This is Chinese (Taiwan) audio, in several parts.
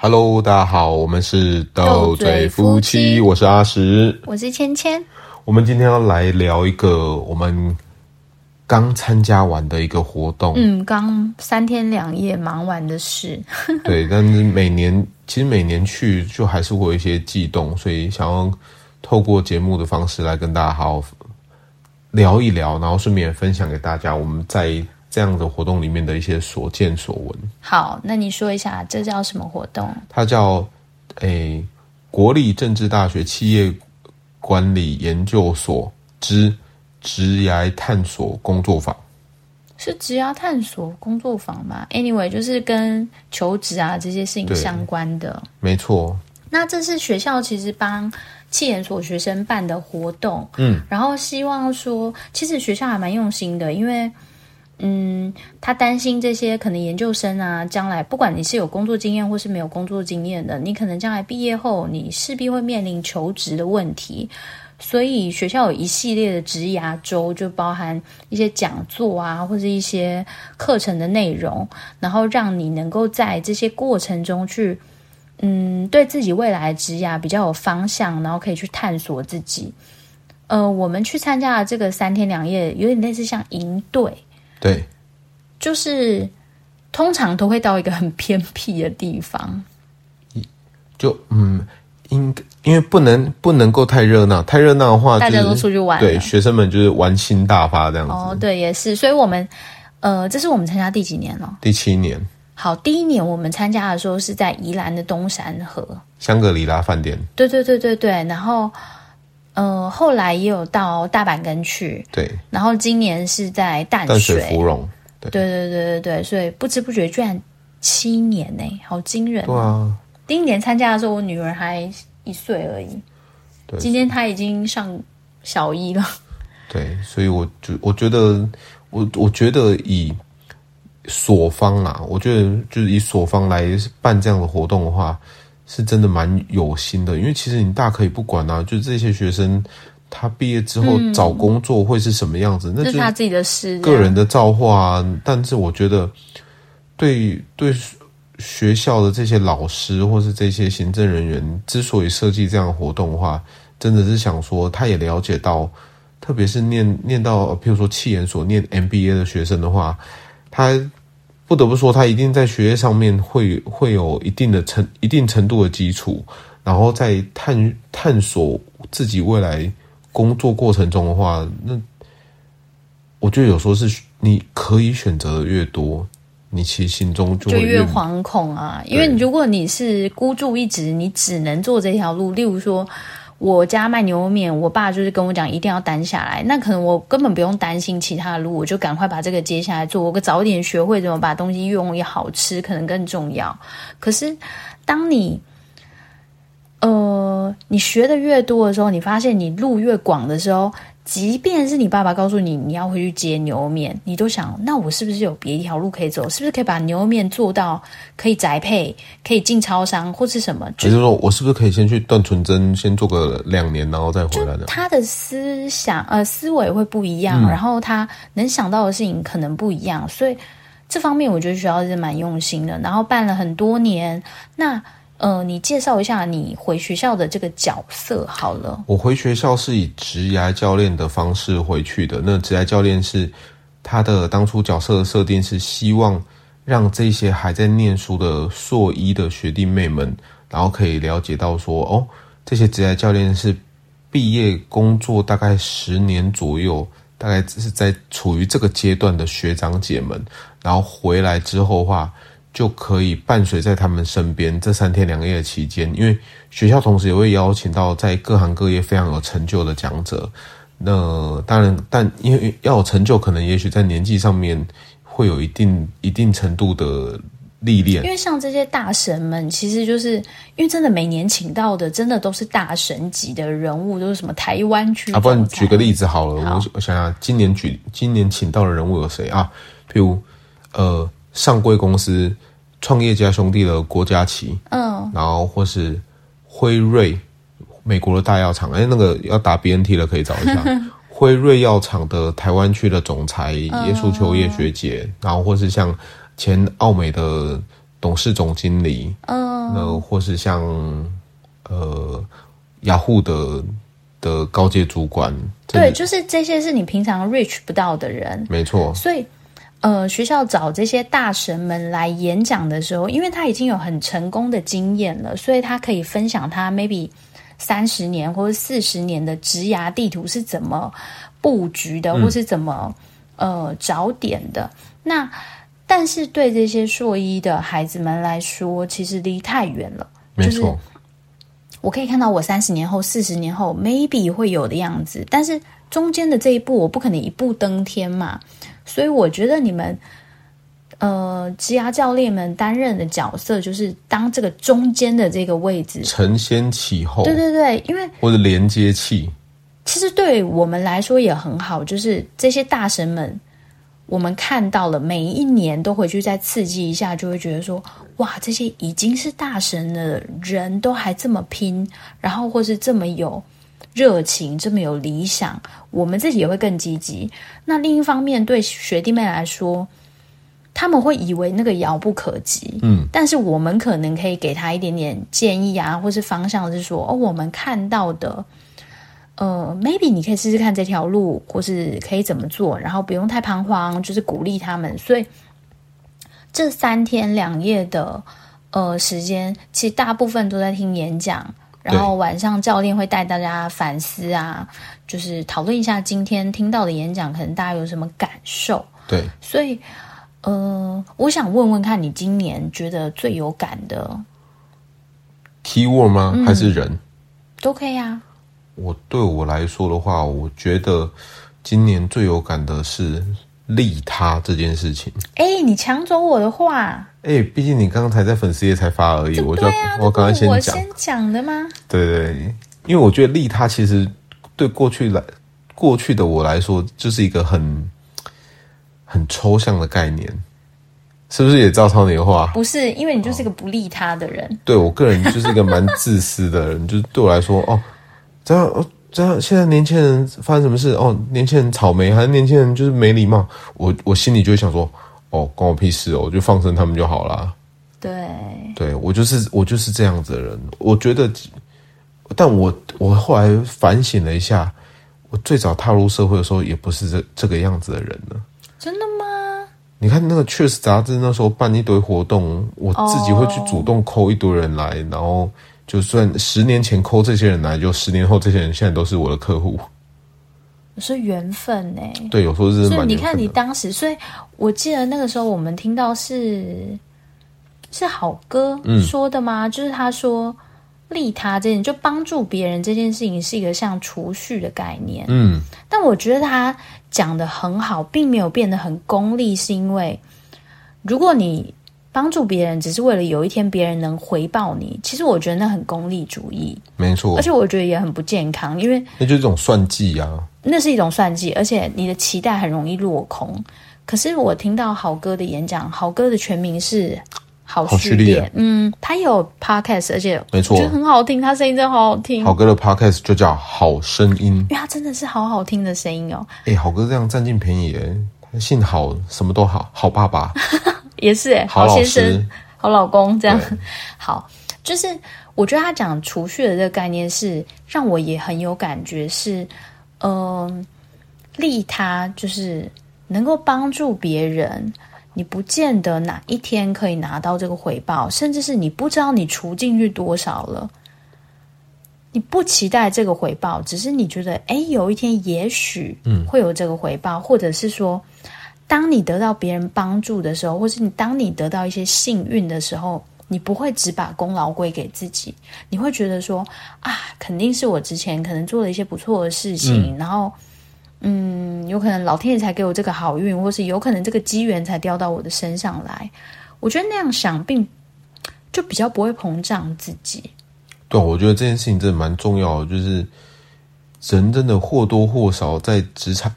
Hello，大家好，我們是鬥嘴夫妻，夫妻我是阿石，我是芊芊，我們今天要來聊一個我們剛參加完的一個活動，嗯，剛三天兩夜忙完的事， 對，但是每年其實每年去就還是會有一些悸動，所以想要透過節目的方式來跟大家好好聊一聊，然後順便分享給大家我們在。這樣的活動裡面的一些所見所聞。好，那你說一下，這叫什麼活動？它叫，誒、欸，國立政治大學企業管理研究所之職涯探索工作坊。是職涯探索工作坊嗎？Anyway，就是跟求職啊這些事情相關的。沒錯。那這是學校其實幫企業所學生辦的活動。嗯。然後希望說，其實學校還蠻用心的，因為。嗯，他擔心這些可能研究生啊，將來不管你是有工作經驗或是沒有工作經驗的，你可能將來畢業後，你勢必會面臨求職的問題。所以學校有一系列的職涯周，就包含一些講座啊，或是一些課程的內容，然後讓你能夠在這些過程中去，嗯，對自己未來的職涯比較有方向，然後可以去探索自己。呃，我們去參加了這個三天兩夜，有點類似像營隊。對，就是通常都會到一個很偏僻的地方，就嗯，因因為不能不能夠太熱鬧，太熱鬧的話，就是，大家都出去玩，對，學生們就是玩心大發這樣子。哦，對，也是，所以我們呃，這是我們參加第幾年了？第七年。好，第一年我們參加的時候是在宜蘭的冬山河香格里拉飯店，對對對對對，然後。嗯、呃，後來也有到大板根去，對，然後今年是在淡水，淡水福容，對，對，對，對，對，所以不知不覺居然七年呢，好驚人，啊！哇，啊，第一年參加的時候，我女兒還一歲而已，對今天她已經上小一了，對，所以我就我覺得，我我覺得以所方啊，我覺得就是以所方來辦這樣的活動的話。是真的蠻有心的，因為其實你大可以不管啊，就這些學生他畢業之後找工作會是什麼樣子，嗯、那就是、啊、這是他自己的事，個人的造化啊，但是我覺得對，對對學校的這些老師或是這些行政人員之所以設計這樣的活動的話，真的是想說，他也了解到，特別是念念到，譬如說企研所念 MBA 的學生的話，他。不得不說，他一定在學業上面會會有一定的程一定程度的基礎，然後在探探索自己未來工作過程中的話，那我覺得有時候是你可以選擇的越多，你其實心中就，會越，就越惶恐啊，對因為你如果你是孤注一擲，你只能做這條路。例如說。我家賣牛肉麵，我爸就是跟我講，一定要擔下來。那可能我根本不用擔心其他的路，我就趕快把這個接下來做。我個早點學會怎麼把東西用也好吃，可能更重要。可是，當你，呃，你學的越多的時候，你發現你路越廣的時候。即便是你爸爸告訴你，你要回去接牛肉麵，你都想，那我是不是有別一條路可以走？是不是可以把牛肉麵做到可以宅配、可以進超商或是什麼？就是說我是不是可以先去斷純真，先做個兩年，然後再回來的？他的思想呃思維會不一樣，嗯、然後他能想到的事情可能不一樣，所以這方面我覺得學校是蠻用心的。然後辦了很多年，那，呃，你介紹一下你回學校的這個角色好了。我回學校是以職涯教練的方式回去的。那職涯教練是他的當初角色的設定是希望讓這些還在念書的碩一的學弟妹們，然後可以了解到說，哦，這些職涯教練是畢業工作大概十年左右，大概是在處於這個階段的學長姐們，然後回來之後的話。就可以伴隨在他們身邊這三天兩夜的期間，因為學校同時也會邀請到在各行各業非常有成就的講者。那當然，但因為要有成就，可能也許在年紀上面會有一定一定程度的歷練。因為像這些大神們，其實就是因為真的每年請到的，真的都是大神級的人物，都、就是什麼台灣區。啊，不然舉個例子好了。我好我想想，今年舉今年請到的人物有誰啊？譬如，呃，上櫃公司。創業家兄弟的郭家琪，嗯，oh. 然後或是輝瑞美國的大藥廠，誒那個要打 BNT 的可以找一下 輝瑞藥廠的台灣區的總裁，oh. 葉素秋學姐，然後或是像前奧美的董事總經理，嗯，那或是像呃雅虎的，oh. 的高階主管，對，就是這些是你平常 reach 不到的人，沒錯，所以。呃，學校找這些大神們來演講的時候，因為他已經有很成功的經驗了，所以他可以分享他 maybe 三十年或者四十年的職涯地圖是怎麼布局的，嗯、或是怎麼呃找點的。那但是對這些碩一的孩子們來說，其實離太遠了。沒錯，就是我可以看到我三十年後、四十年後 maybe 會有的樣子，但是中間的這一步，我不可能一步登天嘛。所以我覺得你們，呃，職涯教練們擔任的角色就是當這個中間的這個位置，承先啟後。對對對，因為或者連接器。其實對我們來說也很好，就是這些大神們，我們看到了每一年都回去再刺激一下，就會覺得說，哇，這些已經是大神的人，都還這麼拼，然後或是這麼有，熱情這麼有理想，我們自己也會更積極。那另一方面，對學弟妹來說，他們會以為那個遙不可及。嗯，但是我們可能可以給他一點點建議啊，或是方向，是說哦，我們看到的，呃，maybe 你可以試試看這條路，或是可以怎麼做，然後不用太彷徨，就是鼓勵他們。所以這三天兩夜的呃時間，其實大部分都在聽演講。然後晚上教練會帶大家反思啊，就是討論一下今天聽到的演講，可能大家有什麼感受。對，所以呃，我想問問看你今年覺得最有感的 keyword 嗎？嗯、還是人都可以啊。我對我來說的話，我覺得今年最有感的是。利他這件事情，哎、欸，你搶走我的話，哎、欸，畢竟你剛才在粉絲頁才發而已，就我就要、啊、我剛才先講，我先講的嗎？對，對，對，因為我覺得利他其實對過去來過去的我來說，就是一個很很抽象的概念，是不是也照抄你的話？不是，因為你就是個不利他的人、哦。對，我個人就是一個蠻自私的人， 就是對我來說，哦，這樣。現在年輕人發生什麼事哦？年輕人草莓還是年輕人就是沒禮貌？我我心裡就會想說，哦，關我屁事哦，我就放生他們就好了。對，對我就是我就是這樣子的人。我覺得，但我我後來反省了一下，我最早踏入社會的時候也不是這這個樣子的人呢。真的嗎？你看那個《Cheers》雜誌那時候辦一堆活動，我自己會去主動摳一堆人來，oh. 然後。就算十年前摳這些人來，啊，就十年後這些人現在都是我的客戶，是緣分呢，欸？對，有時候是緣分。所以你看，你當時，所以我記得那個時候，我們聽到是是好哥說的嗎？嗯、就是他說利他這件，就幫助別人這件事情是一個像儲蓄的概念。嗯，但我覺得他講的很好，並沒有變得很功利，是因為如果你。幫助別人只是為了有一天別人能回報你，其實我覺得那很功利主義，沒錯。而且我覺得也很不健康，因為那就是一種算計啊。那是一種算計，而且你的期待很容易落空。可是我聽到郝哥的演講，郝哥的全名是郝旭烈。啊、嗯，他有 podcast，而且沒錯，我覺得很好聽，他聲音真的好好聽。郝哥的 podcast 就叫好聲音，因為他真的是好好聽的聲音哦。哎、欸，郝哥這樣占盡便宜，幸好什麼都好，好爸爸。 也是、欸、好，好先生，好老公，這樣對好。就是我覺得他講儲蓄的這個概念，是讓我也很有感覺是，是、呃、嗯，利他就是能夠幫助別人，你不見得哪一天可以拿到這個回報，甚至是你不知道你儲進去多少了，你不期待這個回報，只是你覺得哎，有一天也許會有這個回報，嗯、或者是說。當你得到別人幫助的時候，或是你當你得到一些幸運的時候，你不會只把功勞歸給自己，你會覺得說啊，肯定是我之前可能做了一些不錯的事情，嗯、然後，嗯，有可能老天爺才給我這個好運，或是有可能這個機緣才掉到我的身上來。我覺得那樣想並就比較不會膨脹自己。對，我覺得這件事情真的蠻重要的，就是。人真的或多或少，在職場，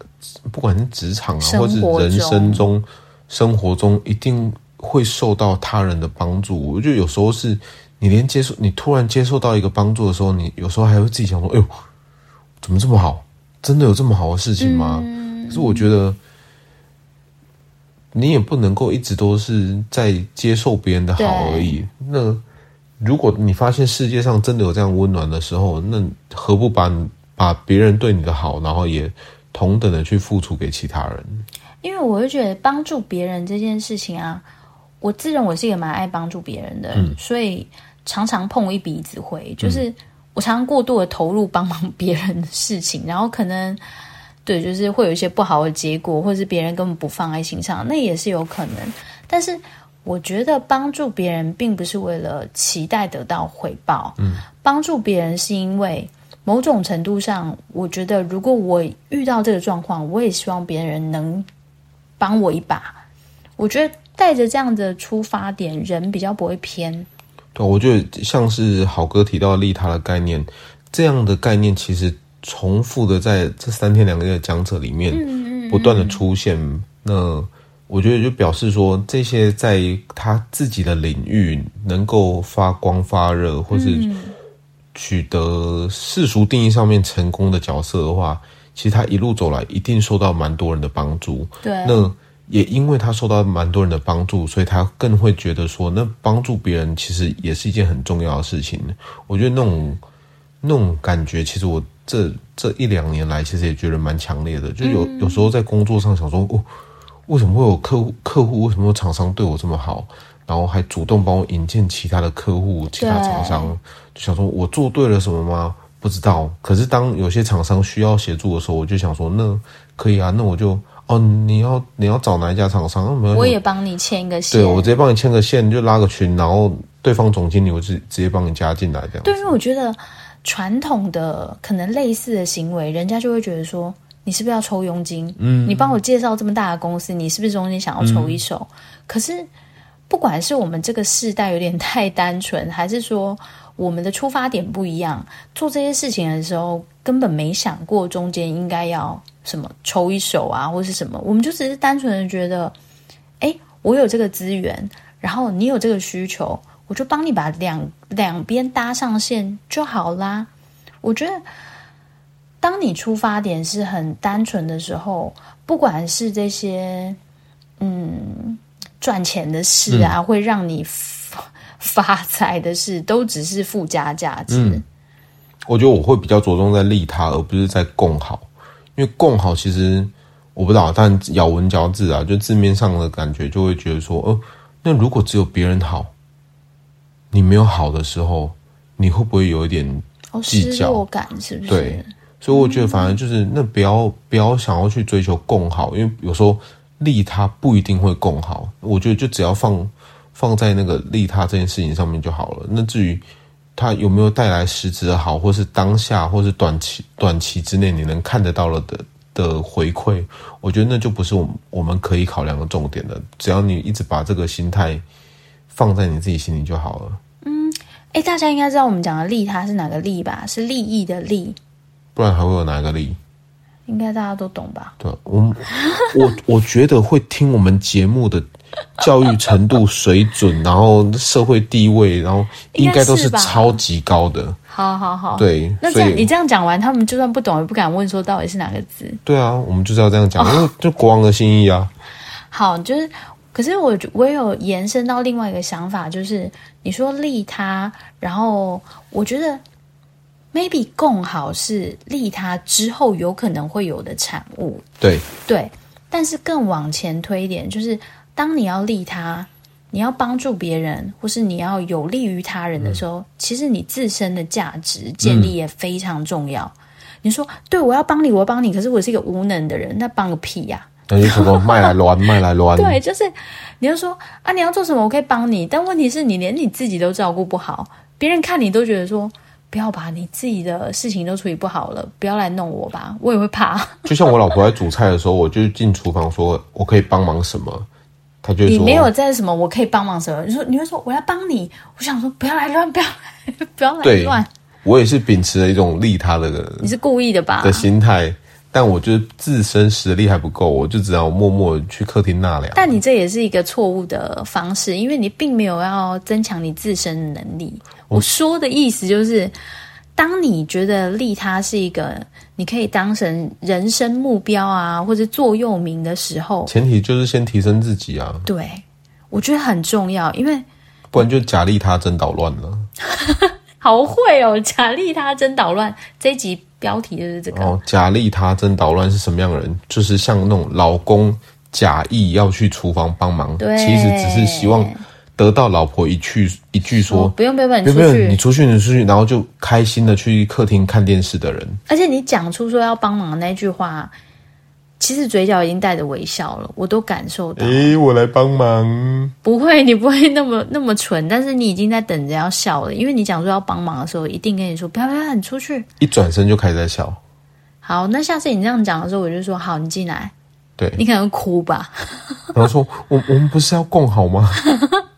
不管是職場啊，或是人生中，生活中，一定會受到他人的幫助。我覺得有時候是，你連接受，你突然接受到一個幫助的時候，你有時候還會自己想說：“哎呦，怎麼這麼好？真的有這麼好的事情嗎？”嗯、可是我覺得，你也不能夠一直都是在接受別人的好而已。對那如果你發現世界上真的有這樣溫暖的時候，那你何不把你把別人對你的好，然後也同等的去付出給其他人。因為我就覺得幫助別人這件事情啊，我自認我是一個蠻愛幫助別人的，嗯、所以常常碰一鼻子灰。就是我常常過度的投入幫忙別人的事情，嗯、然後可能對，就是會有一些不好的結果，或是別人根本不放在心上，那也是有可能。但是我覺得幫助別人並不是為了期待得到回報，嗯、幫助別人是因為。某種程度上，我覺得如果我遇到這個狀況，我也希望別人能幫我一把。我覺得帶着這樣的出發點，人比較不會偏。對，我覺得像是好哥提到利他的概念，這樣的概念其實重複的在這三天兩個月的講者裡面不斷的出現。嗯嗯嗯。那我覺得就表示說，這些在他自己的領域能夠發光發熱，或是。取得世俗定義上面成功的角色的話，其實他一路走來一定受到蠻多人的幫助。對，那也因為他受到蠻多人的幫助，所以他更會覺得說，那幫助別人其實也是一件很重要的事情。我覺得那種那種感覺，其實我這這一兩年來，其實也覺得蠻強烈的。就有有時候在工作上想說，哦，為什麼會有客戶客戶，為什麼有廠商對我這麼好？然後還主動幫我引進其他的客戶，其他廠商，對就想說我做對了什麼嗎？不知道。可是當有些廠商需要協助的時候，我就想說，那可以啊，那我就哦，你要你要找哪一家廠商？哦、我也幫你牽一個線。對，我直接幫你牽個線，就拉個群，然後對方總經理我直直接幫你加進來這樣。對，因為我覺得傳統的可能類似的行為，人家就會覺得說，你是不是要抽佣金？嗯，你幫我介紹這麼大的公司，你是不是中間想要抽一手？嗯、可是。不管是我們這個世代有點太單純，還是說我們的出發點不一樣，做這些事情的時候根本沒想過中間應該要什麼抽一手啊，或者是什麼，我們就只是單純的覺得，哎，我有這個資源，然後你有這個需求，我就幫你把兩兩邊搭上線就好啦。我覺得，當你出發點是很單純的時候，不管是這些，嗯。賺錢的事啊，嗯、會讓你發財的事都只是附加價值，嗯。我覺得我會比較着重在利他，而不是在共好。因為共好其實我不知道，但咬文嚼字啊，就字面上的感覺，就會覺得說，哦、呃，那如果只有別人好，你沒有好的時候，你會不會有一點計較、哦、失落感？是不是？對。所以我覺得，反而就是，嗯，那不要不要想要去追求共好，因為有時候。利他不一定會更好，我覺得就只要放放在那個利他這件事情上面就好了。那至於他有沒有帶來實質的好，或是當下，或是短期短期之內你能看得到了的的回饋，我覺得那就不是我我們可以考量的重點了。只要你一直把這個心態放在你自己心裡就好了。嗯，哎，大家應該知道我們講的利他是哪個利吧？是利益的利，不然還會有哪個利？應該大家都懂吧？對我，我我覺得會聽我們節目的教育程度、水準，然後社會地位，然後應該都是超級高的。好好好，對。那這樣以你這樣講完，他們就算不懂，也不敢問說到底是哪個字。對啊，我們就是要這樣講，因為就國王的新衣啊。哦、好，就是，可是我我有延伸到另外一個想法，就是你說利他，然後我覺得。Maybe 更好是利他之後有可能會有的產物。對對，但是更往前推一點，就是當你要利他，你要幫助別人，或是你要有利於他人的時候，嗯、其實你自身的價值建立也非常重要。嗯、你說，對我要幫你，我要幫你，可是我是一個無能的人，那幫個屁呀？啊！那就、欸、說別 來亂，別來亂。對，就是你要說啊，你要做什麼，我可以幫你，但問題是你連你自己都照顧不好，別人看你都覺得說。不要把你自己的事情都處理不好了，不要來弄我吧，我也會怕。 就像我老婆在煮菜的時候，我就進廚房說：“我可以幫忙什麼？”她就說：“你沒有在什麼，我可以幫忙什麼？”你說：“你會說我要幫你？”我想說：“不要來亂，不要，不要來亂。”我也是秉持了一種利他的，你是故意的吧的心態？但我就是自身實力還不夠，我就只要默默去客廳納涼。但你這也是一個錯誤的方式，因為你並沒有要增強你自身的能力。我說的意思就是，當你覺得利他是一個你可以當成人生目標啊，或者座右銘的時候，前提就是先提升自己啊。對，我覺得很重要，因為不然就假利他真搗亂了。 好會哦，假利他真搗亂，這一集標題就是這個。哦，假利他真搗亂是什麼樣的人？就是像那種老公假意要去廚房幫忙，對其實只是希望。得到老婆一句一句說不用不用，你出，不用，不用你出去你出去你出去，然後就開心的去客廳看電視的人，而且你講出說要幫忙的那句話，其實嘴角已經帶着微笑了，我都感受到。哎、欸，我來幫忙，不會，你不會那麼那麼蠢，但是你已經在等着要笑了，因為你講說要幫忙的時候，一定跟你說不要不要你出去，一轉身就開始在笑。好，那下次你這樣講的時候，我就說好，你進來。對，你可能哭吧。然後說， 我們我們不是要共好嗎？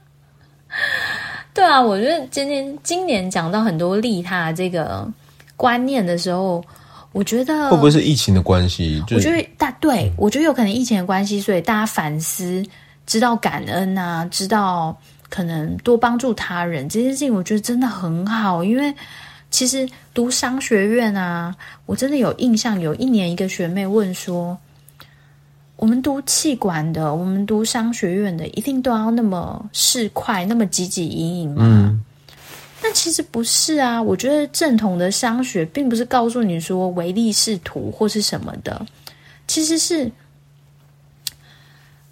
對啊，我覺得今天，今年講到很多利他這個觀念的時候，我覺得，我覺得會不會是疫情的關係？我覺得大，對我覺得有可能疫情的關係，所以大家反思，知道感恩啊，知道可能多幫助他人這件事情，我覺得真的很好。因為其實讀商學院啊，我真的有印象，有一年一個學妹問說。我們讀企管的，我們讀商學院的，一定都要那麼市儈，那麼汲汲營營嗎？嗯、但其實不是啊。我覺得正統的商學並不是告訴你說唯利是圖或是什麼的，其實是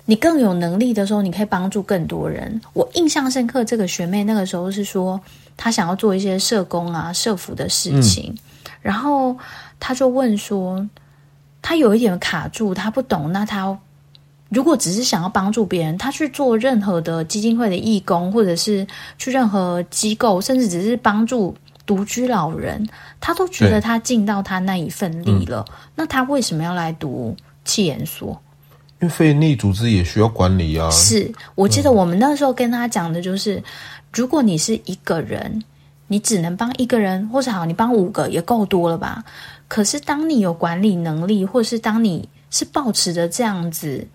你更有能力的時候，你可以幫助更多人。我印象深刻，這個學妹那個時候是說，她想要做一些社工啊、社服的事情，嗯、然後她就問說。他有一點卡住，他不懂。那他如果只是想要幫助別人，他去做任何的基金會的義工，或者是去任何機構，甚至只是幫助獨居老人，他都覺得他盡到他那一份力了。嗯、那他為什麼要來讀企研所？因為非營利組織也需要管理啊。是我記得我們那時候跟他講的就是，嗯、如果你是一個人，你只能幫一個人，或是好，你幫五個也夠多了吧。可是，當你有管理能力，或是當你是抱持着這樣子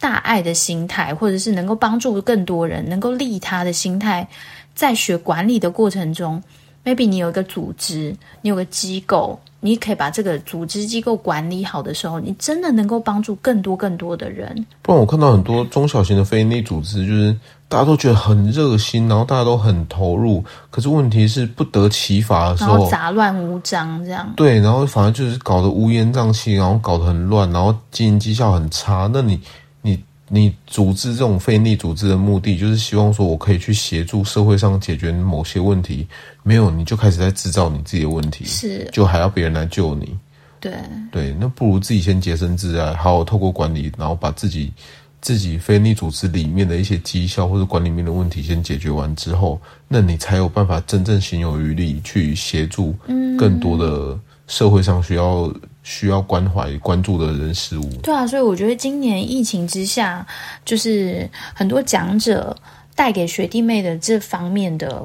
大愛的心態，或者是能夠幫助更多人、能夠利他的心態，在學管理的過程中，maybe 你有一個組織，你有個機構，你可以把這個組織機構管理好的時候，你真的能夠幫助更多更多的人。不然，我看到很多中小型的非營利組織，就是。大家都覺得很熱心，然後大家都很投入，可是問題是不得其法的時候，然後雜亂無章這樣。對，然後反正就是搞得烏煙瘴氣，然後搞得很亂，然後經營績效很差。那你，你，你組織這種非營利組織的目的，就是希望說我可以去協助社會上解決某些問題，沒有你就開始在製造你自己的問題，是就還要別人來救你。對對，那不如自己先潔身自愛，好好透過管理，然後把自己。自己非營利組織裡面的一些績效或者管理面的問題先解決完之後，那你才有辦法真正行有餘力去協助更多的社會上需要需要關懷關注的人事物。嗯。對啊，所以我覺得今年疫情之下，就是很多講者帶給學弟妹的這方面的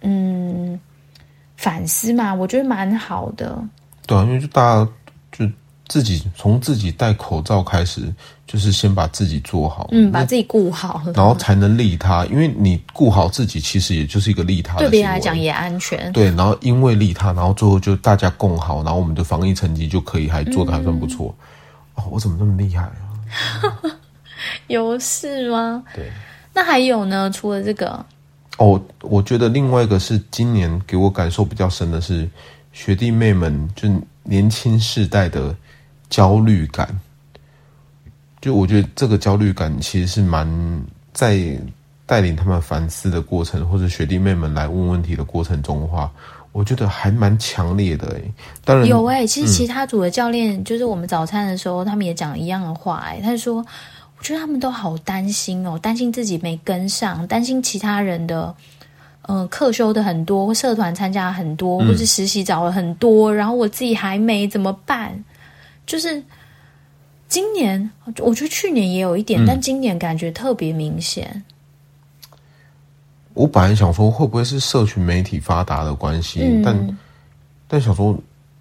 嗯反思嘛，我覺得蠻好的。對啊，因為就大家。自己從自己戴口罩開始，就是先把自己做好，嗯，那把自己顧好，然後才能利他。因為你顧好自己，其實也就是一個利他。對別人來講也安全。對，然後因為利他，然後最後就大家共好，然後我們的防疫成績就可以還做得還算不錯。嗯、哦，我怎麼那麼厲害啊？ 有事嗎？對，那還有呢？除了這個，哦，我覺得另外一個是今年給我感受比較深的是學弟妹們，就年輕世代的。焦慮感，就我覺得這個焦慮感其實是蠻在帶領他們反思的過程，或者學弟妹們來問問題的過程中的話，我覺得還蠻強烈的、欸。當然有哎、欸，其實其他組的教練，嗯、就是我們早餐的時候，他們也講一樣的話哎、欸，他就說：“我覺得他們都好擔心哦，擔心自己沒跟上，擔心其他人的，嗯、呃，課修的很多，或社團參加很多，嗯、或是實習找了很多，然後我自己還沒怎麼辦。”就是今年，我覺得去年也有一點，嗯、但今年感覺特別明顯。我本來想說會不會是社群媒體發達的關係，嗯、但但想說，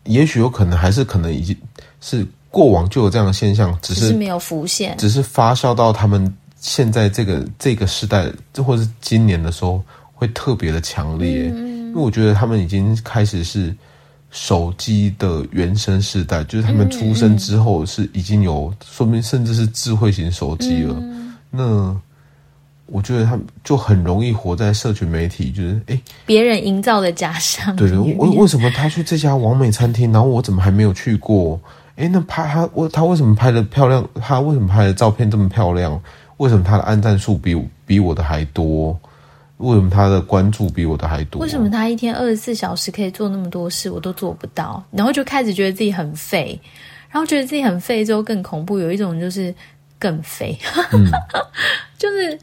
也許有可能還是可能已經是過往就有這樣的現象，只是，只是沒有浮現，只是發酵到他們現在這個這個時代，或是今年的時候會特別的強烈。嗯、因為我覺得他們已經開始是。手機的原生世代，就是他們出生之後是已經有說明，嗯嗯、甚至是智慧型手機了。嗯、那我覺得他們就很容易活在社群媒體，就是哎，別、欸、人營造的假象。對，為為什麼他去這家網美餐廳，然後我怎麼還沒有去過？哎、欸，那拍他他為什麼拍的漂亮？他為什麼拍的照片這麼漂亮？為什麼他的按讚數比比我的還多？為什麼他的關注比我的還多啊？為什麼他一天二十四小時可以做那麼多事，我都做不到？然後就開始覺得自己很廢，然後覺得自己很廢之後更恐怖，有一種就是更廢，嗯、 就是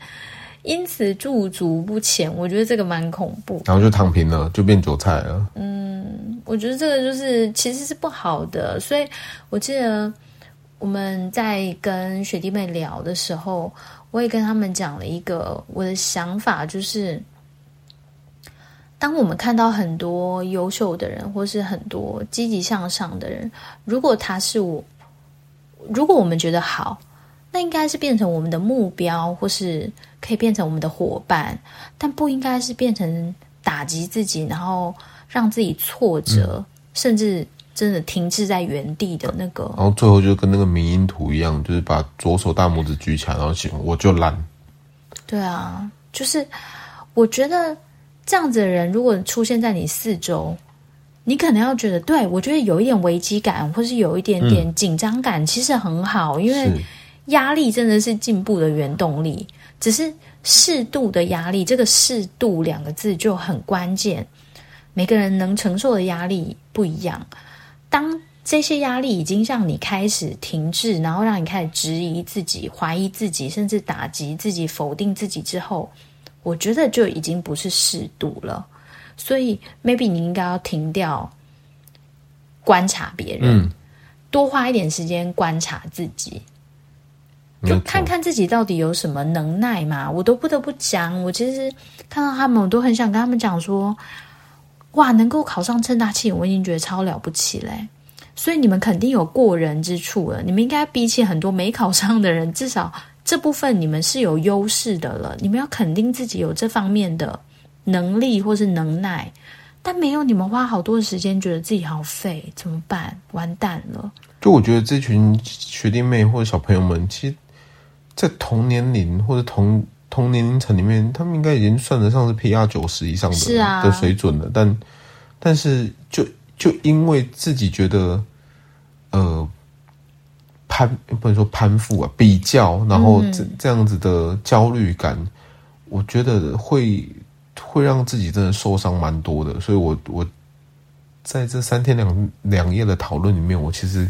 因此駐足不前。我覺得這個蠻恐怖。然後就躺平了，就變韭菜了。嗯，我覺得這個就是其實是不好的。所以我記得我們在跟學弟妹聊的時候，我也跟他們講了一個我的想法，就是當我們看到很多優秀的人，或是很多積極向上的人，如果他是我，如果我們覺得好，那應該是變成我們的目標，或是可以變成我們的夥伴，但不應該是變成打擊自己，然後讓自己挫折，嗯、甚至。真的停滯在原地的那個，然後最後就跟那個迷因圖一樣，就是把左手大拇指舉起來，然後寫我就爛。對啊，就是我覺得這樣子的人如果出現在你四周，你可能要覺得，對我覺得有一點危機感，或是有一點點緊張感，其實很好，因為壓力真的是進步的原動力。只是適度的壓力，這個“適度”兩個字就很關鍵。每個人能承受的壓力不一樣。當這些壓力已經讓你開始停滯，然後讓你開始質疑自己、懷疑自己，甚至打擊自己、否定自己之後，我覺得就已經不是適度了。所以，maybe 你應該要停掉觀察別人，嗯、多花一點時間觀察自己，沒錯。就看看自己到底有什麼能耐嘛。我都不得不講，我其實看到他們，我都很想跟他們講說。哇，能夠考上政大企研，我已經覺得超了不起嘞！所以你們肯定有過人之處了，你們應該比起很多沒考上的人，至少這部分你們是有優勢的了。你們要肯定自己有這方面的能力或是能耐。但沒有，你們花好多的時間，覺得自己好廢，怎麼辦？完蛋了！就我覺得這群學弟妹或者小朋友們，其實在同年齡或者同。同年齡層裡面，他們應該已經算得上是 PR 九十以上的、是啊、的水準了，但但是就就因為自己覺得呃攀，不能說攀附啊比較，然後這這樣子的焦慮感，嗯、我覺得會會讓自己真的受傷蠻多的，所以我我在這三天兩兩夜的討論裡面，我其實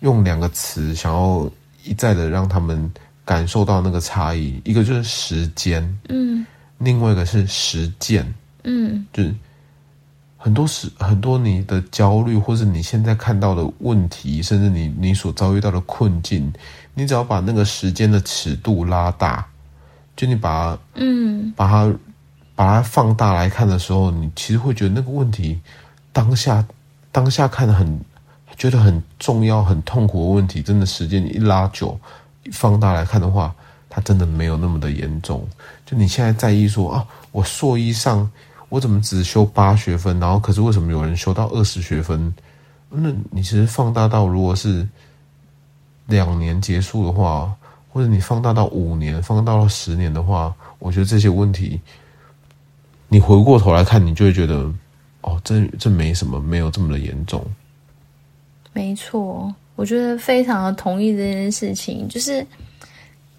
用兩個詞，想要一再的讓他們。感受到那個差異，一個就是時間，嗯，另外一個是實踐，嗯，就是很多時很多你的焦慮，或者你現在看到的問題，甚至你你所遭遇到的困境，你只要把那個時間的尺度拉大，就你把嗯把它把它放大來看的時候，你其實會覺得那個問題當下當下看得很覺得很重要很痛苦的問題，真的時間一拉久。放大來看的話，它真的沒有那麼的嚴重。就你現在在意說啊，我碩一上我怎麼只修八學分，然後可是為什麼有人修到二十學分？那你其實放大到如果是兩年結束的話，或者你放大到五年，放大到十年的話，我覺得這些問題，你回過頭來看，你就會覺得哦，這這沒什麼，沒有這麼的嚴重。沒錯。我覺得非常的同意這件事情，就是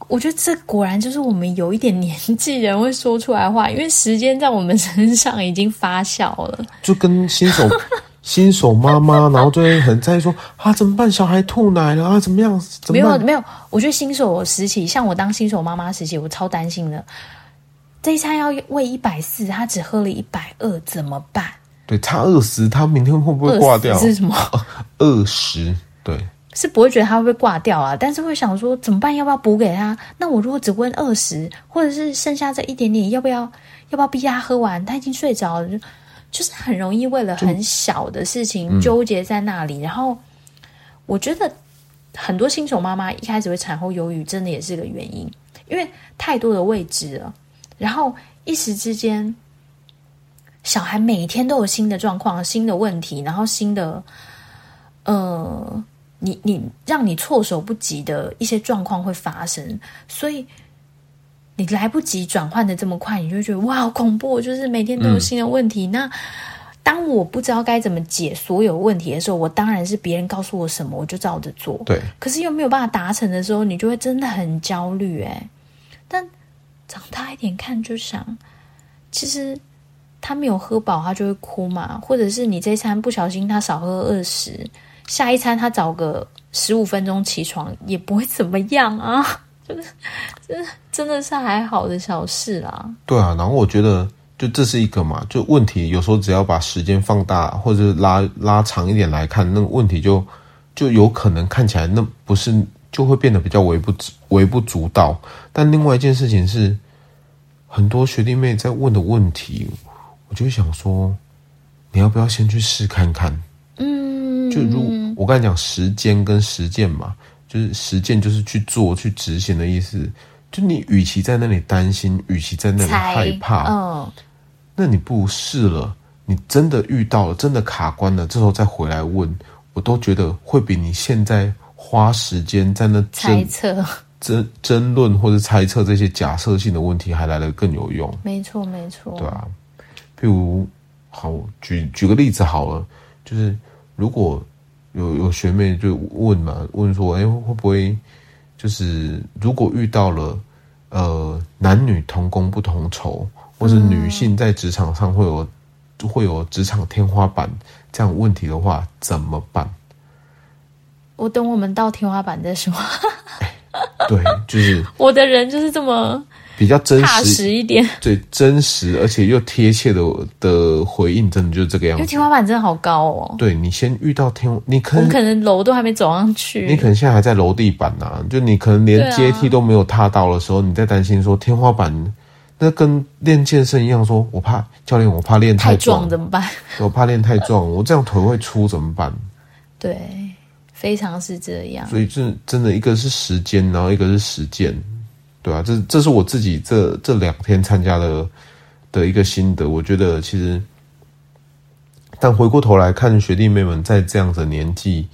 我覺得這果然就是我們有一點年紀人會說出來的話，因為時間在我們身上已經發酵了，就跟新手 新手媽媽，然後就會很在意說，啊怎麼辦，小孩吐奶了啊怎麼樣？怎麼辦，沒有沒有，我覺得新手時期，像我當新手媽媽時期，我超擔心的，這一餐要餵一百四，他只喝了一百二，怎麼辦？對，差二十，他明天會不會掛掉？20是什麼？二十、啊。對，是不會覺得他會被掛掉啊，但是會想說怎麼辦？要不要補給他？那我如果只問二十，或者是剩下這一點點，要不要要不要逼他喝完？他已經睡着了，就是很容易為了很小的事情糾結在那裡。嗯、然後我覺得很多新手媽媽一開始會產後憂鬱，真的也是個原因，因為太多的未知了。然後一時之間，小孩每天都有新的狀況、新的問題，然後新的，呃。你你讓你措手不及的一些狀況會發生，所以你來不及轉換得這麼快，你就會覺得哇，好恐怖！就是每天都有新的問題。嗯。那當我不知道該怎麼解所有問題的時候，我當然是別人告訴我什麼我就照着做。對，可是又沒有辦法達成的時候，你就會真的很焦慮。哎，但長大一點看，就想其實他沒有喝飽，他就會哭嘛，或者是你這餐不小心他少喝二十。下一餐他早個十五分鐘起床也不會怎麼樣啊，就是，真的真的是還好的小事啦，啊。對啊，然後我覺得就這是一個嘛，就問題有時候只要把時間放大或者是拉拉長一點來看，那個、問題就就有可能看起來那不是就會變得比較微不足微不足道。但另外一件事情是，很多學弟妹在問的問題，我就想說，你要不要先去試看看？嗯。就如我剛才講，時間跟實踐嘛，就是實踐就是去做、去執行的意思。就你與其在那裡擔心，與其在那裡害怕，嗯、那你不如試了，你真的遇到了，真的卡關了，這時候再回來問，我都覺得會比你現在花時間在那猜測、爭爭論或者猜測這些假設性的問題還來得更有用。沒錯，沒錯。對啊，譬如好舉舉個例子好了，就是。如果有有學妹就問嘛，問說，哎、欸，會不會就是如果遇到了呃，男女同工不同酬，或者女性在職場上會有會有職場天花板這樣問題的話，怎麼辦？我等我們到天花板再說、 欸。對，就是我的人就是這麼。比較真實，踏實一點，對，真實而且又貼切的的回應，真的就是這個樣子。因為天花板真的好高哦！對你先遇到天，你可能可能樓都還沒走上去，你可能現在還在樓地板呢、啊，就你可能連階梯都沒有踏到的時候，啊、你在擔心說天花板，那跟練健身一樣，說我怕教練，我怕練太壯怎麼辦？ 我怕練太壯，我這樣腿會粗怎麼辦？對，非常是這樣。所以這真的一個是時間，然後一個是實踐。對啊，這這是我自己這這兩天參加的的一個心得。我覺得其實，但回過頭來看學弟妹們在這樣子的年紀，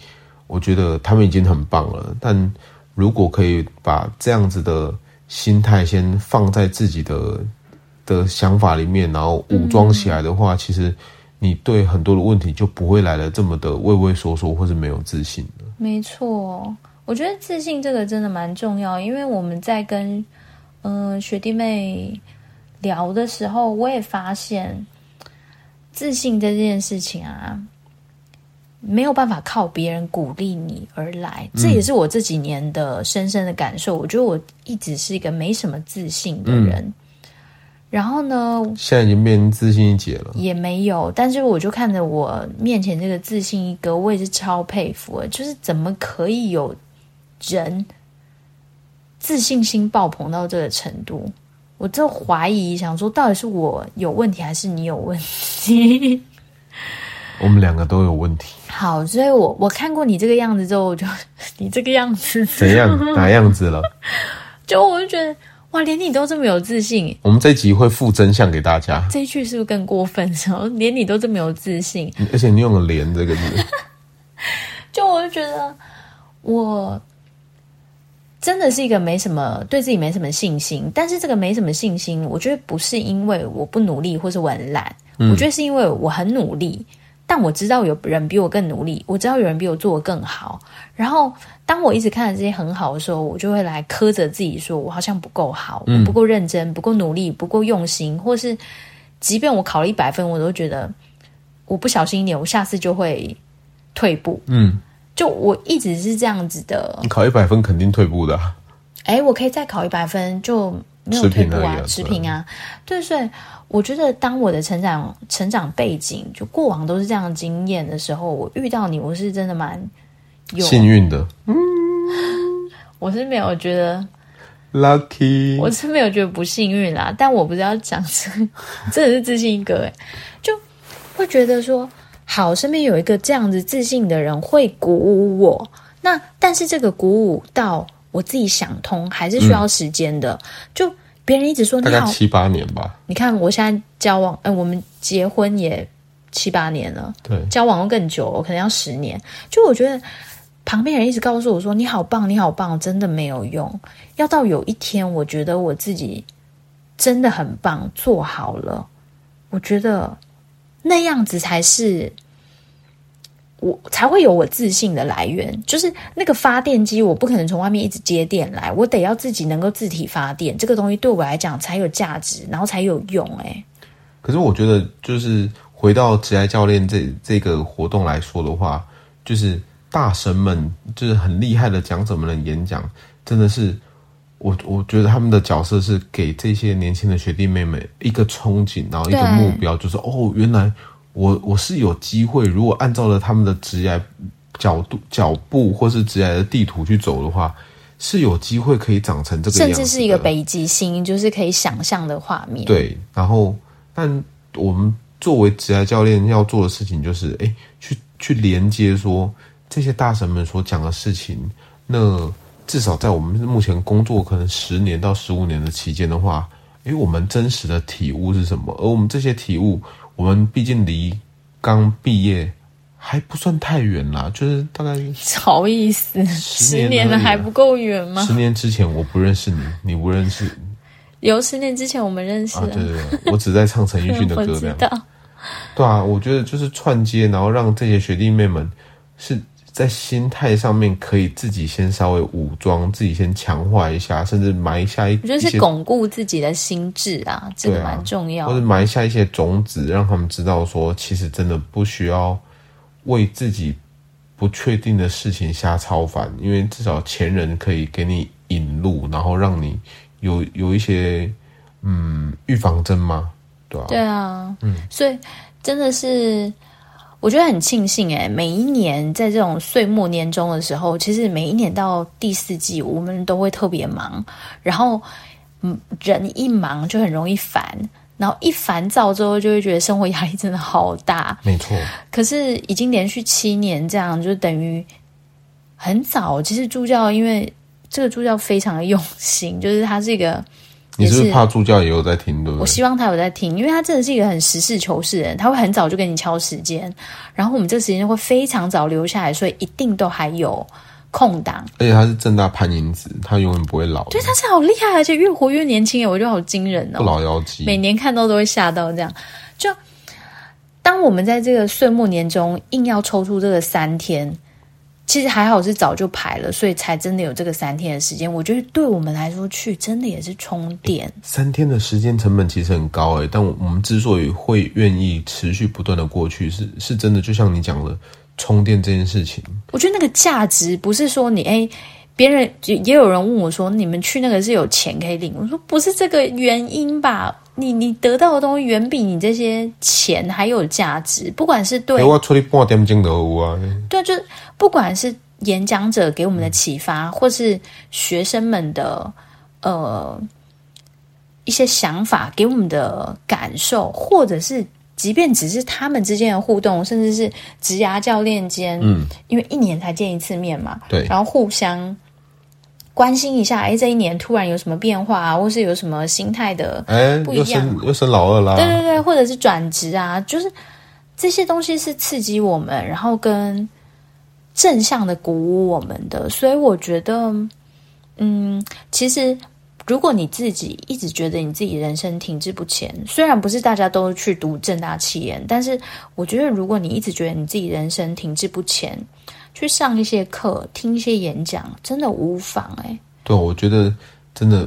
我覺得他們已經很棒了。但如果可以把這樣子的心態先放在自己的的想法裡面，然後武裝起來的話，嗯、其實你對很多的問題就不會來得這麼的畏畏縮縮或是沒有自信了。沒錯。我覺得自信這個真的蠻重要，因為我們在跟嗯、呃、學弟妹聊的時候，我也發現自信這件事情啊，沒有辦法靠別人鼓勵你而來，這也是我這幾年的深深的感受。嗯、我覺得我一直是一個沒什麼自信的人，嗯、然後呢，現在已經變成自信一姐了，也沒有，但是我就看着我面前這個自信一哥，我也是超佩服，就是怎麼可以有。人自信心爆棚到這個程度，我就懷疑，想說到底是我有問題，還是你有問題？我們兩個都有問題。好，所以我我看過你這個樣子之後，我就你這個樣子怎樣 哪樣子了？就我就覺得，哇，連你都這麼有自信。我們這一集會附真相給大家，這一句是不是更過分？連你都這麼有自信，而且你用了“連”這個字， 就我就覺得我。真的是一個沒什麼，對自己沒什麼信心，但是這個沒什麼信心，我覺得不是因為我不努力，或是我很懶，嗯、我覺得是因為我很努力，但我知道有人比我更努力，我知道有人比我做得更好。然後當我一直看到這些很好的時候，我就會來苛責自己，說我好像不夠好，嗯、我不夠認真，不夠努力，不夠用心，或是即便我考了一百分，我都覺得我不小心一點，我下次就會退步。嗯。就我一直是這樣子的，你考一百分肯定退步的、啊。哎、欸，我可以再考一百分就沒有退步啊，持平啊。啊對，對所以，我覺得當我的成長成長背景就過往都是這樣經驗的時候，我遇到你，我是真的蠻有的幸運的。嗯，我是沒有覺得 lucky，我是沒有覺得不幸運啦。但我不知道講是要講自，真的是自信一個哎，就會覺得說。好，身邊有一個這樣子自信的人會鼓舞我。那但是這個鼓舞到我自己想通還是需要時間的。嗯、就別人一直說你好，大概七八年吧。你看我現在交往，嗯、呃、我們結婚也七八年了。對，交往都更久了，可能要十年。就我覺得旁邊人一直告訴我說，你好棒，你好棒，真的沒有用。要到有一天，我覺得我自己真的很棒，做好了，我覺得。那樣子才是我才會有我自信的來源，就是那個發電機，我不可能從外面一直接電來，我得要自己能夠自體發電，這個東西對我來講才有價值，然後才有用，欸。哎，可是我覺得，就是回到職涯教練這這個活動來說的話，就是大神們，就是很厲害的講者們的演講，真的是。我我覺得他們的角色是給這些年輕的學弟妹妹一個憧憬，然後一個目標，就是對哦，原來我我是有機會，如果按照了他們的職業角度、腳步或是職業的地圖去走的話，是有機會可以長成這個樣子，甚至是一個北極星，就是可以想象的畫面。對，然後，但我們作為職業教練要做的事情就是，哎，去去連接說這些大神們所講的事情，那。至少在我們目前工作可能十年到十五年的期間的話，誒，我們真實的體悟是什麼？而我們這些體悟，我們畢竟離剛畢業還不算太遠啦，就是大概不好意思，十年了還不夠遠嗎？十年之前我不認識你，你不認識，有十年之前我們認識。啊，對對對，我只在唱陳奕迅的歌， 這樣。對啊，我覺得就是串接，然後讓這些學弟妹們是。在心態上面，可以自己先稍微武裝自己，先強化一下，甚至埋下一些，就是鞏固自己的心智啊，啊這個蠻重要。或者埋下一些種子，讓他們知道說，其實真的不需要為自己不確定的事情瞎操煩，因為至少前人可以給你引路，然後讓你有有一些嗯預防針嘛，對啊，對啊，嗯，所以真的是。我覺得很慶幸誒，每一年在這種歲末年終的時候，其實每一年到第四季，我們都會特別忙。然後，嗯，人一忙就很容易煩，然後一煩躁之後就會覺得生活壓力真的好大。沒錯，可是已經連續七年這樣，就等於很早。其實助教因為這個助教非常的用心，就是他這個。是你是，不是怕助教也有在聽？對，對我希望他有在聽，因為他真的是一個很實事求是的人，他會很早就給你敲時間，然後我們這個時間就會非常早留下來，所以一定都還有空檔。而且他是政大潘迎紫，他永遠不會老，對他是好厲害，而且越活越年輕耶，我覺得好驚人哦、喔！不老妖姬，每年看到都會嚇到這樣。就當我們在這個歲末年終，硬要抽出這個三天。其實還好是早就排了，所以才真的有這個三天的時間。我覺得對我們來說去真的也是充電。欸、三天的時間成本其實很高誒、欸、但我們之所以會願意持續不斷的過去，是是真的就像你講的充電這件事情。我覺得那個價值不是說你誒別、欸、人也也有人問我說你們去那個是有錢可以領，我說不是這個原因吧。你你得到的東西遠比你這些錢還有價值，不管是對給我出去半點鐘啊，對，對，就不管是演講者給我們的啟發，嗯、或是學生們的呃一些想法，給我們的感受，或者是即便只是他們之間的互動，甚至是職涯教練間，嗯，因為一年才見一次面嘛，對，然後互相。關心一下，哎、欸，這一年突然有什麼變化、啊，或是有什麼心態的哎不一樣，又生又生老二啦、啊、對對對，或者是轉職啊，就是這些東西是刺激我們，然後跟正向的鼓舞我們的。所以我覺得，嗯，其實如果你自己一直覺得你自己人生停滯不前，雖然不是大家都去讀政大企研，但是我覺得如果你一直覺得你自己人生停滯不前。去上一些課，聽一些演講，真的無妨哎、欸。對，我覺得真的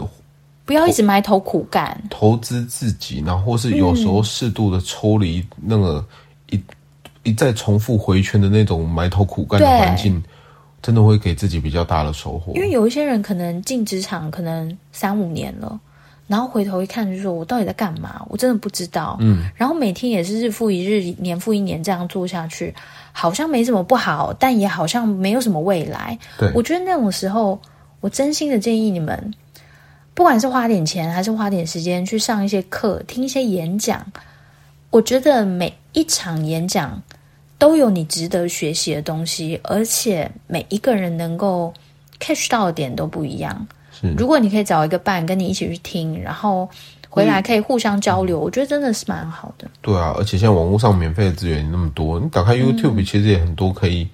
不要一直埋頭苦幹，投資自己，然後或是有時候適度的抽離那個一、嗯、一再重複迴圈的那種埋頭苦幹的環境，對真的會給自己比較大的收穫。因為有一些人可能進職場可能三五年了，然後回頭一看就是，就說我到底在幹嘛？我真的不知道。嗯，然後每天也是日復一日、年復一年這樣做下去。好像沒什麼不好，但也好像沒有什麼未來。對我覺得那種時候，我真心的建議你們，不管是花點錢，還是花點時間去上一些課、聽一些演講。我覺得每一場演講都有你值得學習的東西，而且每一個人能夠 catch 到的點都不一樣。是如果你可以找一個伴跟你一起去聽，然後。回來可以互相交流，嗯、我覺得真的是蠻好的。對啊，而且現在網絡上免費的資源那麼多，你打開 YouTube 其實也很多可以，嗯、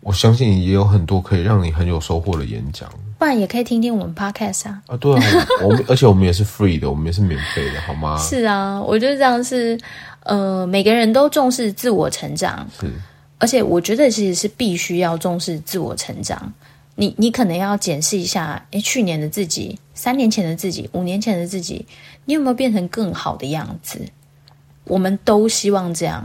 我相信也有很多可以讓你很有收穫的演講。不然也可以聽聽我們 Podcast 啊。啊，對啊，我 而且我們也是 free 的，我們也是免費的，好嗎？是啊，我覺得這樣是，呃，每個人都重視自我成長。是。而且我覺得其實是必須要重視自我成長。你你可能要檢視一下，哎、欸，去年的自己。三年前的自己，五年前的自己，你有沒有變成更好的樣子？我們都希望這樣。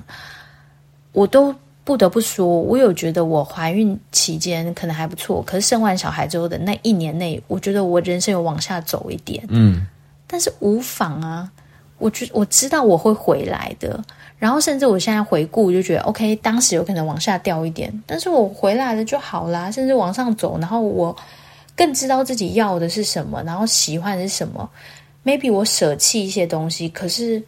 我都不得不說，我有覺得我懷孕期間可能還不錯，可是生完小孩之後的那一年內，我覺得我人生有往下走一點。嗯，但是無妨啊，我覺我知道我會回來的。然後甚至我現在回顧就覺得，OK，當時有可能往下掉一點，但是我回來了就好啦。甚至往上走，然後我。更知道自己要的是什麼，然後喜歡的是什麼。Maybe 我捨棄一些東西，可是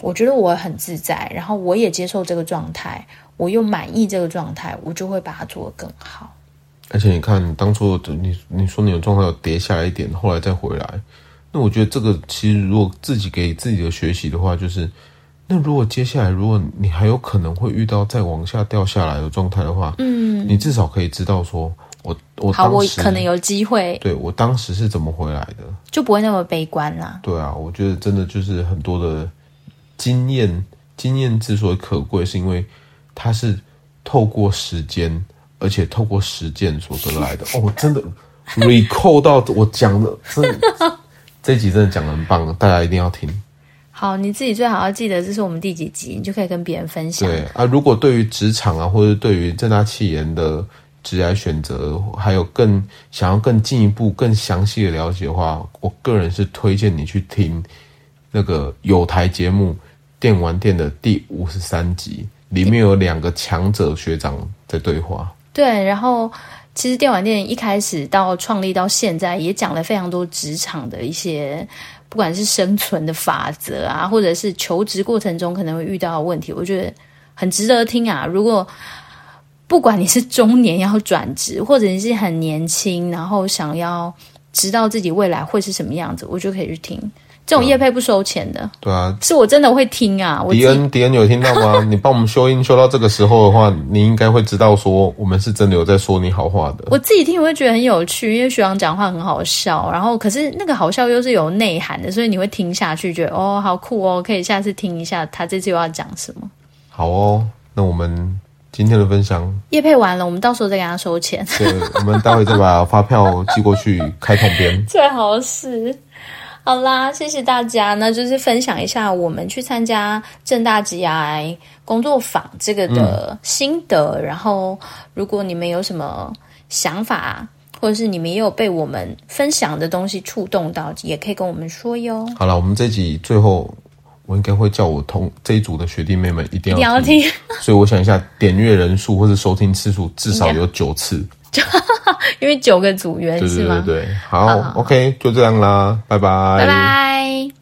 我覺得我很自在，然後我也接受這個狀態，我又滿意這個狀態，我就會把它做得更好。而且你看，當初你你說你的狀態要跌下來一點，後來再回來，那我覺得這個其實如果自己給自己的學習的話，就是那如果接下來如果你還有可能會遇到再往下掉下來的狀態的話，嗯，你至少可以知道說。我我當時我可能有機會。對，我當時是怎麼回來的，就不會那麼悲觀啦。對啊，我覺得真的就是很多的經驗，經驗之所以可貴，是因為它是透過時間，而且透過實踐所得來的。 哦，真的 recall 到我講的，真的 這這集真的講的很棒，大家一定要聽。好，你自己最好要記得這是我們第幾集，你就可以跟別人分享。對啊，如果對於職場啊，或者對於政大企研的。直接選擇，還有更想要更進一步、更詳細的了解的話，我個人是推薦你去聽那個友台節目《電玩店》的第五十三集，裡面有兩個強者學長在對話。對，然後其實《電玩店》一開始到創立到現在，也講了非常多職場的一些，不管是生存的法則啊，或者是求職過程中可能會遇到的問題，我覺得很值得聽啊。如果不管你是中年要轉職，或者你是很年輕，然後想要知道自己未來會是什麼樣子，我就可以去聽。這種業配不收錢的。嗯、對啊，是我真的會聽啊。迪恩，迪恩有聽到嗎？ 你幫我們修音修到這個時候的話，你應該會知道說我們是真的有在說你好話的。我自己聽我會覺得很有趣，因為學長講話很好笑，然後可是那個好笑又是有內涵的，所以你會聽下去，覺得哦好酷哦，可以下次聽一下他這次又要講什麼。好哦，那我們。今天的分享，業配完了，我們到時候再給他收錢。對，我們待會再把發票寄過去， 開統編。最好是。好啦，謝謝大家。那就是分享一下我們去參加政大企研職涯工作坊這個的心得。嗯、然後，如果你們有什麼想法，或者是你們也有被我們分享的東西觸動到，也可以跟我們說喲。好了，我們這集最後。我應該會叫我同這一組的學弟妹們一定要聽，一定要聽，所以我想一下 點閱人數或者收聽次數至少有九次， 因為九個組員，對對對對，是嗎？好，好，好，好，OK，就這樣啦，拜拜，拜拜。